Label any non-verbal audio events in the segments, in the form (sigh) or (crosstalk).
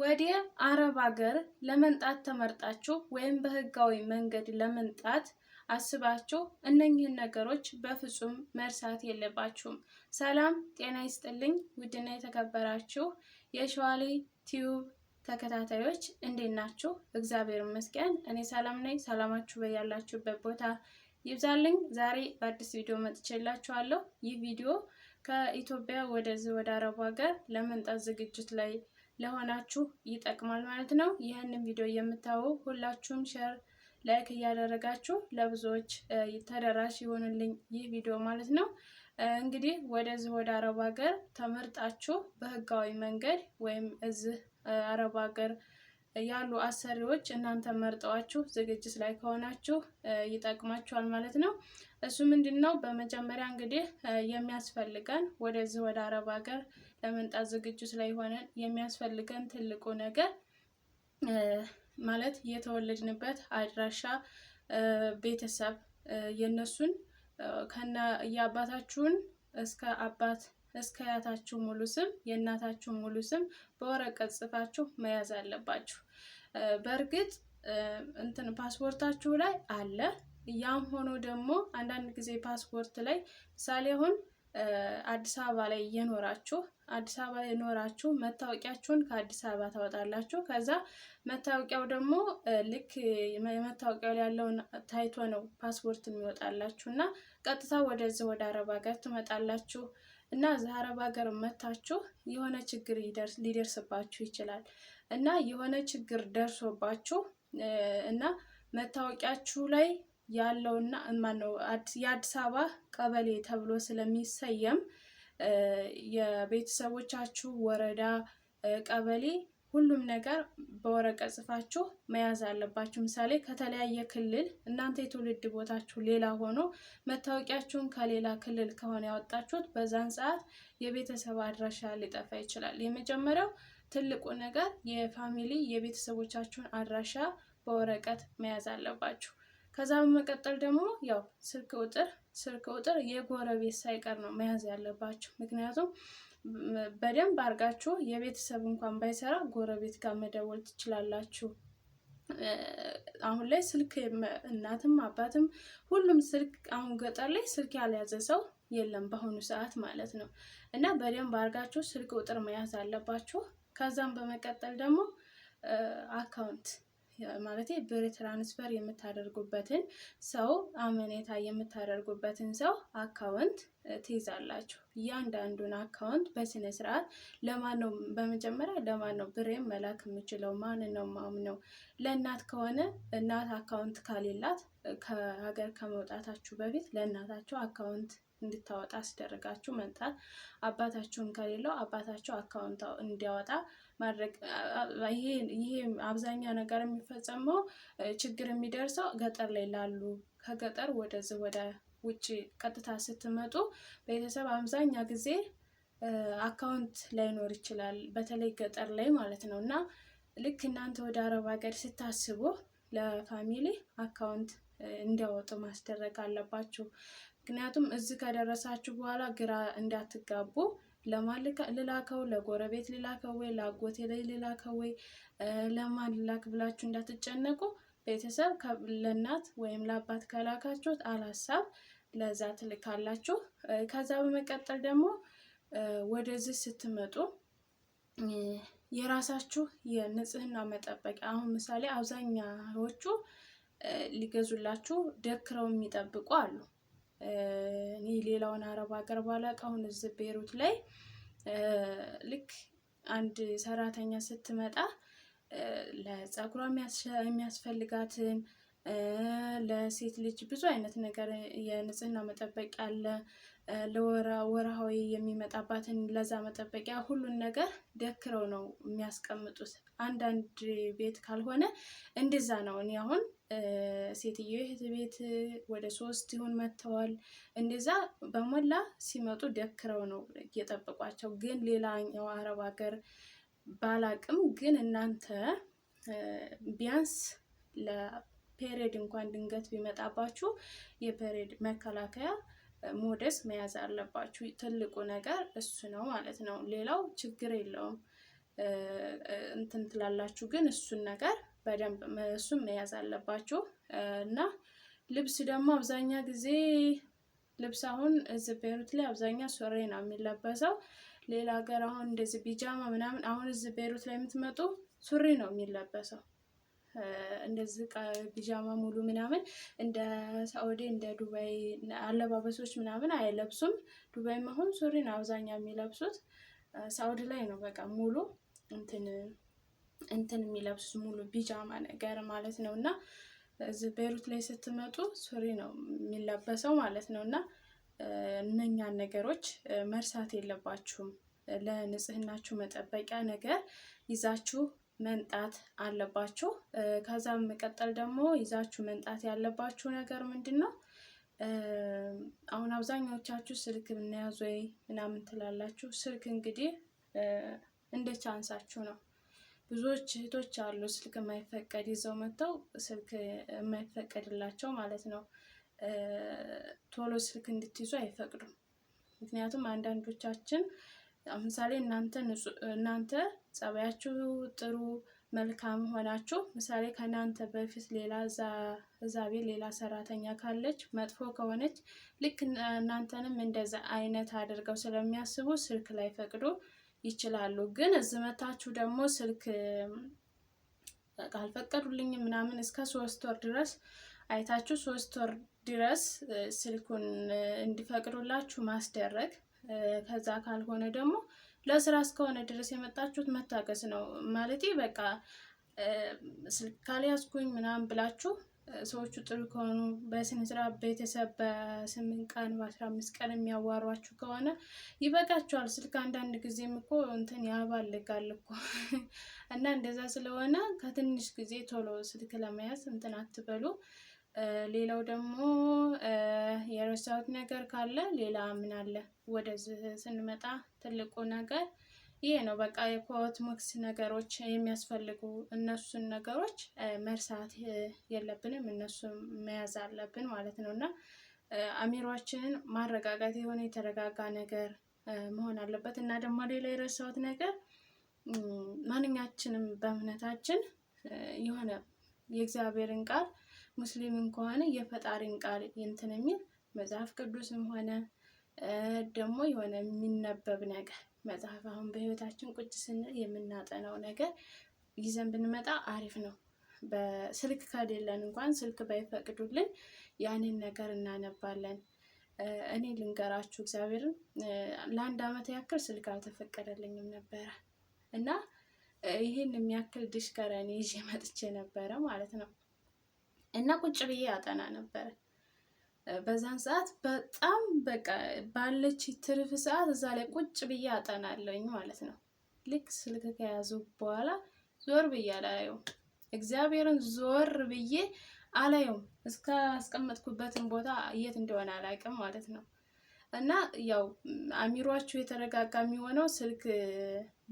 ወደ አረብ ሀገር ለመንጣት ተመርጣችሁ ወይም በህጋዊ መንገድ ለመንጣት አስባችሁ እነኝህን ነገሮች በፍጹም መርሳት የለባችሁም። ሰላም ጤና ይስጥልኝ። ውድና የተከበራችሁ የሸዋሌ ቲዩብ ተከታታዮች እንዴት ናችሁ? እግዚአብሔር ይመስገን እኔ ሰላም ነኝ። ሰላማችሁ በያላችሁበት ቦታ ይብዛልኝ። ዛሬ በአዲስ ቪዲዮ መጥቼላችኋለሁ። ይህ ቪዲዮ ከኢትዮጵያ ወደዚህ ወደ አረቡ ሀገር ለመንጣት ዝግጅት ላይ ለሆናችሁ ይጠቅማል ማለት ነው። ይህንን ቪዲዮ የምታዩ ሁላችሁም ሸር ላይክ እያደረጋችሁ ለብዙዎች ተደራሽ ይሆንልኝ ይህ ቪዲዮ ማለት ነው። እንግዲህ ወደዚህ ወደ አረብ ሀገር ተመርጣችሁ በህጋዊ መንገድ ወይም እዚህ አረብ ሀገር ያሉ አሰሪዎች እናንተ መርጠዋችሁ ዝግጅት ላይ ከሆናችሁ ይጠቅማችኋል ማለት ነው። እሱ ምንድን ነው? በመጀመሪያ እንግዲህ የሚያስፈልገን ወደዚህ ወደ አረብ ሀገር ለመምጣት ላይ ሆነን የሚያስፈልገን ትልቁ ነገር ማለት የተወለድንበት አድራሻ፣ ቤተሰብ የነሱን ከነ የአባታችሁን እስከ አባት እስከ አያታችሁ ሙሉ ስም የእናታችሁ ሙሉ ስም በወረቀት ጽፋችሁ መያዝ አለባችሁ። በእርግጥ እንትን ፓስፖርታችሁ ላይ አለ። ያም ሆኖ ደግሞ አንዳንድ ጊዜ ፓስፖርት ላይ ምሳሌ አሁን አዲስ አበባ ላይ እየኖራችሁ አዲስ አበባ ላይ ኖራችሁ መታወቂያችሁን ከአዲስ አበባ ታወጣላችሁ። ከዛ መታወቂያው ደግሞ ልክ መታወቂያው ላይ ያለውን ታይቶ ነው ፓስፖርት የሚወጣላችሁ እና ቀጥታ ወደዚህ ወደ አረብ ሀገር ትመጣላችሁ እና እዚህ አረብ ሀገር መታችሁ የሆነ ችግር ሊደርስባችሁ ይችላል እና የሆነ ችግር ደርሶባችሁ እና መታወቂያችሁ ላይ ያለውና ማነው የአዲስ አበባ ቀበሌ ተብሎ ስለሚሰየም የቤተሰቦቻችሁ ወረዳ፣ ቀበሌ ሁሉም ነገር በወረቀት ጽፋችሁ መያዝ አለባችሁ። ምሳሌ ከተለያየ ክልል እናንተ የትውልድ ቦታችሁ ሌላ ሆኖ መታወቂያችሁን ከሌላ ክልል ከሆነ ያወጣችሁት በዛን ሰዓት የቤተሰብ አድራሻ ሊጠፋ ይችላል። የመጀመሪያው ትልቁ ነገር የፋሚሊ የቤተሰቦቻችሁን አድራሻ በወረቀት መያዝ አለባችሁ። ከዛ በመቀጠል ደግሞ ያው ስልክ ቁጥር ስልክ ቁጥር የጎረቤት ሳይቀር ነው መያዝ ያለባችሁ። ምክንያቱም በደንብ አድርጋችሁ የቤተሰብ እንኳን ባይሰራ ጎረቤት ጋር መደወል ትችላላችሁ። አሁን ላይ ስልክ እናትም አባትም ሁሉም ስልክ አሁን ገጠር ላይ ስልክ ያልያዘ ሰው የለም በአሁኑ ሰዓት ማለት ነው። እና በደንብ አድርጋችሁ ስልክ ቁጥር መያዝ አለባችሁ። ከዛም በመቀጠል ደግሞ አካውንት ማለት ብር ትራንስፈር የምታደርጉበትን ሰው አመኔታ የምታደርጉበትን ሰው አካውንት ትይዛላችሁ። እያንዳንዱን አካውንት በስነ ስርዓት ለማን ነው በመጀመሪያ ለማን ነው ብሬም መላክ የምችለው ማን ነው ነው? ለእናት ከሆነ እናት አካውንት ካሌላት ከሀገር ከመውጣታችሁ በፊት ለእናታችሁ አካውንት እንድታወጣ አስደርጋችሁ መምጣት አባታችሁን ከሌለው አባታችሁ አካውንት እንዲያወጣ ማድረግ ይሄ አብዛኛው ነገር የሚፈጸመው ችግር የሚደርሰው ገጠር ላይ ላሉ ከገጠር ወደዚህ ወደ ውጭ ቀጥታ ስትመጡ ቤተሰብ አብዛኛ ጊዜ አካውንት ላይኖር ይችላል። በተለይ ገጠር ላይ ማለት ነው እና ልክ እናንተ ወደ አረብ ሀገር ስታስቡ ለፋሚሊ አካውንት እንዲያወጡ ማስደረግ አለባችሁ። ምክንያቱም እዚህ ከደረሳችሁ በኋላ ግራ እንዳትጋቡ ለማን ለጎረቤት ልላከው ወይ ለአጎቴ ላይ ልላከው ወይ ለማን ብላችሁ እንዳትጨነቁ። ቤተሰብ ለእናት ወይም ለአባት ከላካችሁት አላሳብ ለዛ ትልካላችሁ። ከዛ በመቀጠል ደግሞ ወደዚህ ስትመጡ የራሳችሁ የንጽህና መጠበቂያ አሁን ምሳሌ አብዛኛዎቹ ሊገዙላችሁ ደክረው የሚጠብቁ አሉ። እኔ ሌላውን አረብ ሀገር ባላቅ አሁን እዚህ ቤሩት ላይ ልክ አንድ ሰራተኛ ስትመጣ ለፀጉሯ የሚያስፈልጋትን ለሴት ልጅ ብዙ አይነት ነገር የንጽህና መጠበቂያ አለ። ለወርሃዊ የሚመጣባትን ለዛ መጠበቂያ ሁሉን ነገር ደክረው ነው የሚያስቀምጡት። አንዳንድ ቤት ካልሆነ እንደዛ ነው። እኔ አሁን ሴትዮ እህት ቤት ወደ ሶስት ይሁን መጥተዋል። እንደዛ በሞላ ሲመጡ ደክረው ነው እየጠበቋቸው። ግን ሌላኛው አረብ ሀገር ባላቅም ግን እናንተ ቢያንስ ለፔሬድ እንኳን ድንገት ቢመጣባችሁ የፔሬድ መከላከያ ሞደስ መያዝ አለባችሁ። ትልቁ ነገር እሱ ነው ማለት ነው። ሌላው ችግር የለውም እንትን ትላላችሁ፣ ግን እሱን ነገር በደንብ እሱም መያዝ አለባችሁ እና ልብስ ደግሞ አብዛኛ ጊዜ ልብስ አሁን እዚህ ቤሩት ላይ አብዛኛ ሱሪ ነው የሚለበሰው። ሌላ ሀገር አሁን እንደዚህ ቢጃማ ምናምን፣ አሁን እዚህ ቤሩት ላይ የምትመጡ ሱሪ ነው የሚለበሰው። እንደዚህ ቢጃማ ሙሉ ምናምን እንደ ሳዑዲ እንደ ዱባይ አለባበሶች ምናምን አይለብሱም። ዱባይም አሁን ሱሪ ነው አብዛኛ የሚለብሱት። ሳዑዲ ላይ ነው በቃ ሙሉ እንትን እንትን የሚለብሱ ሙሉ ቢጃማ ነገር ማለት ነው እና እዚህ ቤይሩት ላይ ስትመጡ ሱሪ ነው የሚለበሰው ማለት ነው እና እነኛን ነገሮች መርሳት የለባችሁም። ለንጽህናችሁ መጠበቂያ ነገር ይዛችሁ መምጣት አለባችሁ። ከዛ መቀጠል ደግሞ ይዛችሁ መምጣት ያለባችሁ ነገር ምንድን ነው? አሁን አብዛኛዎቻችሁ ስልክ ብናያዝ ወይ ምናምን ትላላችሁ። ስልክ እንግዲህ እንደ ቻንሳችሁ ነው። ብዙዎች እህቶች አሉ ስልክ የማይፈቀድ ይዘው መጥተው ስልክ የማይፈቀድላቸው ማለት ነው። ቶሎ ስልክ እንድትይዙ አይፈቅዱም። ምክንያቱም አንዳንዶቻችን ምሳሌ እናንተ ጸባያችሁ ጥሩ መልካም ሆናችሁ ምሳሌ ከእናንተ በፊት ሌላ እዛ ቤት ሌላ ሰራተኛ ካለች መጥፎ ከሆነች ልክ እናንተንም እንደዛ አይነት አድርገው ስለሚያስቡ ስልክ ላይ ፈቅዶ ይችላሉ። ግን እዚህ መታችሁ ደግሞ ስልክ አልፈቀዱልኝም ምናምን እስከ ሶስት ወር ድረስ አይታችሁ ሶስት ወር ድረስ ስልኩን እንዲፈቅዱላችሁ ማስደረግ ከዛ ካልሆነ ደግሞ ለስራ እስከሆነ ድረስ የመጣችሁት መታገስ ነው። ማለቴ በቃ ስልክ ካልያዝኩኝ ምናምን ብላችሁ ሰዎቹ ጥሩ ከሆኑ በስነ ስርዓት ቤተሰብ በስምንት ቀን በአስራ አምስት ቀን የሚያዋሯችሁ ከሆነ ይበቃችኋል። ስልክ አንዳንድ ጊዜም እኮ እንትን ያባልጋል እኮ (laughs) እና እንደዛ ስለሆነ ከትንሽ ጊዜ ቶሎ ስልክ ለመያዝ እንትን አትበሉ። ሌላው ደግሞ የረሳሁት ነገር ካለ ሌላ ምን አለ ወደዚህ ስንመጣ ትልቁ ነገር ይሄ ነው በቃ የኮስሞቲክስ ነገሮች የሚያስፈልጉ እነሱን ነገሮች መርሳት የለብንም፣ እነሱን መያዝ አለብን ማለት ነው። እና አሚሯችንን ማረጋጋት የሆነ የተረጋጋ ነገር መሆን አለበት። እና ደግሞ ሌላ የረሳሁት ነገር ማንኛችንም በእምነታችን የሆነ የእግዚአብሔርን ቃል ሙስሊምን ከሆነ የፈጣሪን ቃል እንትን የሚል መጽሐፍ ቅዱስም ሆነ ደግሞ የሆነ የሚነበብ ነገር መጽሐፍ አሁን በህይወታችን ቁጭ ስንል የምናጠናው ነገር ይዘን ብንመጣ አሪፍ ነው። በስልክ ከሌለን እንኳን ስልክ ባይፈቅዱልን ያንን ነገር እናነባለን። እኔ ልንገራችሁ እግዚአብሔርን ለአንድ ዓመት ያክል ስልክ አልተፈቀደልኝም ነበረ እና ይህን የሚያክል ዲሽ ይዤ መጥቼ ነበረ ማለት ነው እና ቁጭ ብዬ ያጠና ነበረ በዛን ሰዓት በጣም በቃ ባለች ትርፍ ሰዓት እዛ ላይ ቁጭ ብዬ አጠናለኝ ማለት ነው። ልክ ስልክ ከያዙ በኋላ ዞር ብዬ አላየውም። እግዚአብሔርን ዞር ብዬ አላየውም። እስከ አስቀመጥኩበትን ቦታ የት እንደሆነ አላውቅም ማለት ነው። እና ያው አሚሯችሁ የተረጋጋ የሚሆነው ስልክ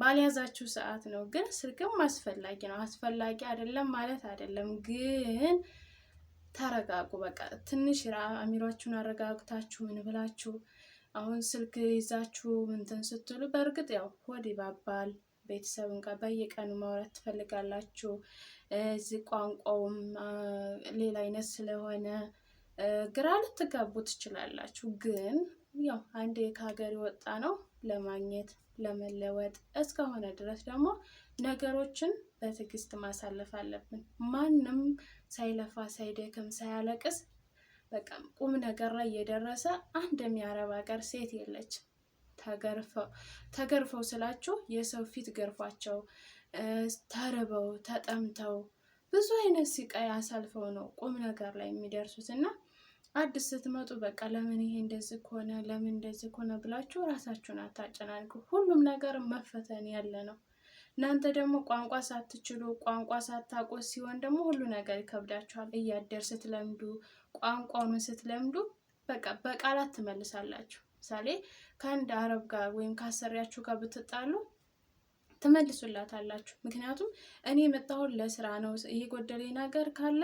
ባልያዛችሁ ሰዓት ነው። ግን ስልክም አስፈላጊ ነው። አስፈላጊ አይደለም ማለት አይደለም ግን ተረጋጉ። በቃ ትንሽ አሚሯችሁን አረጋግታችሁ ምን ብላችሁ አሁን ስልክ ይዛችሁ ምንትን ስትሉ በእርግጥ ያው ሆድ ይባባል። ቤተሰብን ጋር በየቀኑ ማውራት ትፈልጋላችሁ። እዚህ ቋንቋውም ሌላ አይነት ስለሆነ ግራ ልትጋቡ ትችላላችሁ። ግን ያው አንዴ ከሀገር የወጣ ነው ለማግኘት ለመለወጥ እስከሆነ ድረስ ደግሞ ነገሮችን በትዕግስት ማሳለፍ አለብን። ማንም ሳይለፋ ሳይደክም ሳያለቅስ በቃም ቁም ነገር ላይ የደረሰ አንድም የአረብ ሀገር ሴት የለች ተገርፈው ስላችሁ የሰው ፊት ገርፏቸው ተርበው ተጠምተው ብዙ አይነት ስቃይ አሳልፈው ነው ቁም ነገር ላይ የሚደርሱት እና አዲስ ስትመጡ በቃ ለምን ይሄ እንደዚህ ከሆነ ለምን እንደዚህ ከሆነ ብላችሁ ራሳችሁን አታጨናንቁ። ሁሉም ነገር መፈተን ያለ ነው። እናንተ ደግሞ ቋንቋ ሳትችሉ ቋንቋ ሳታውቁ ሲሆን ደግሞ ሁሉ ነገር ይከብዳችኋል። እያደር ስትለምዱ ቋንቋውን ስትለምዱ በቃ በቃላት ትመልሳላችሁ። ምሳሌ ከአንድ አረብ ጋር ወይም ካሰሪያችሁ ጋር ብትጣሉ ትመልሱላታላችሁ። ምክንያቱም እኔ የመጣሁት ለስራ ነው፣ የጎደለኝ ነገር ካለ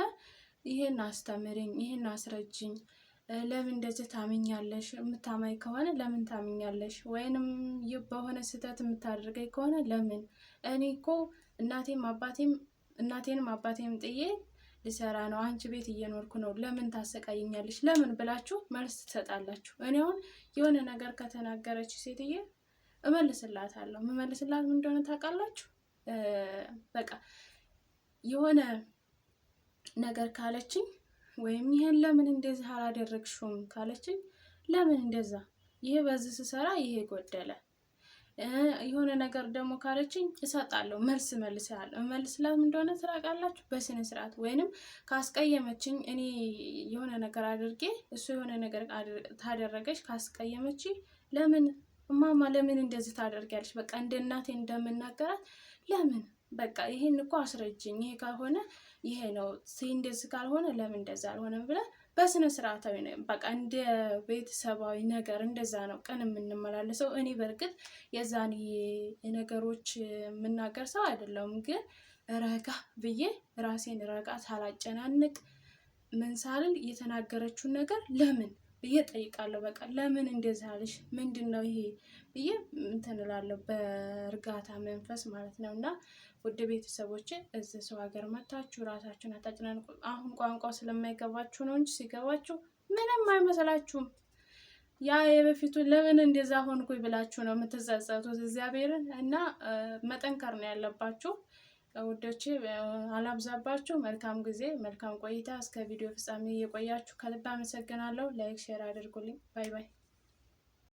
ይህን አስተምርኝ፣ ይህን አስረጅኝ ለምን እንደዚህ ታምኛለሽ? የምታማኝ ከሆነ ለምን ታምኛለሽ? ወይንም በሆነ ስህተት የምታደርገኝ ከሆነ ለምን? እኔ እኮ እናቴም አባቴም እናቴንም አባቴም ጥዬ ልሰራ ነው፣ አንቺ ቤት እየኖርኩ ነው፣ ለምን ታሰቃይኛለሽ? ለምን ብላችሁ መልስ ትሰጣላችሁ። እኔ አሁን የሆነ ነገር ከተናገረች ሴትዬ እመልስላታለሁ። የምመልስላት ምን እንደሆነ ታውቃላችሁ? በቃ የሆነ ነገር ካለችኝ ወይም ይሄን ለምን እንደዚህ አላደረግሽውም ካለችኝ ለምን እንደዛ ይሄ በዚህ ስሰራ ይሄ ጎደለ የሆነ ነገር ደግሞ ካለችኝ እሰጣለሁ፣ መልስ መልስ ለምን እንደሆነ ትራቃላችሁ በስነ ስርዓት ወይንም ካስቀየመችኝ እኔ የሆነ ነገር አድርጌ እሱ የሆነ ነገር ታደረገች ካስቀየመች ለምን እማማ ለምን እንደዚህ ታደርጊያለች? በቃ እንደ እናቴ እንደምናገራት ለምን በቃ ይሄን እኮ አስረጅኝ ይሄ ካልሆነ ይሄ ነው እንደዚህ ካልሆነ ለምን እንደዛ አልሆነም ብለን በስነ ስርዓታዊ በቃ እንደ ቤተሰባዊ ነገር እንደዛ ነው ቀን የምንመላለሰው። እኔ በእርግጥ የዛን ነገሮች የምናገር ሰው አይደለውም ግን ረጋ ብዬ ራሴን ረጋ ሳላጨናንቅ ምን ሳልል የተናገረችውን ነገር ለምን ብዬ ጠይቃለሁ። በቃ ለምን እንደዚህ አለሽ? ምንድን ነው ይሄ ብዬ እንትን እላለሁ በእርጋታ መንፈስ ማለት ነው። እና ውድ ቤተሰቦች እዚህ ሰው ሀገር መታችሁ ራሳችሁን አታጭናንቁ። አሁን ቋንቋው ስለማይገባችሁ ነው እንጂ ሲገባችሁ ምንም አይመስላችሁም። ያ የበፊቱ ለምን እንደዛ ሆንኩኝ ብላችሁ ነው የምትጸጸቱት እግዚአብሔርን እና መጠንከር ነው ያለባችሁ። ውዶቼ አላብዛባችሁ። መልካም ጊዜ፣ መልካም ቆይታ። እስከ ቪዲዮ ፍጻሜ እየቆያችሁ ከልብ አመሰግናለሁ። ላይክ፣ ሼር አድርጉልኝ። ባይ ባይ።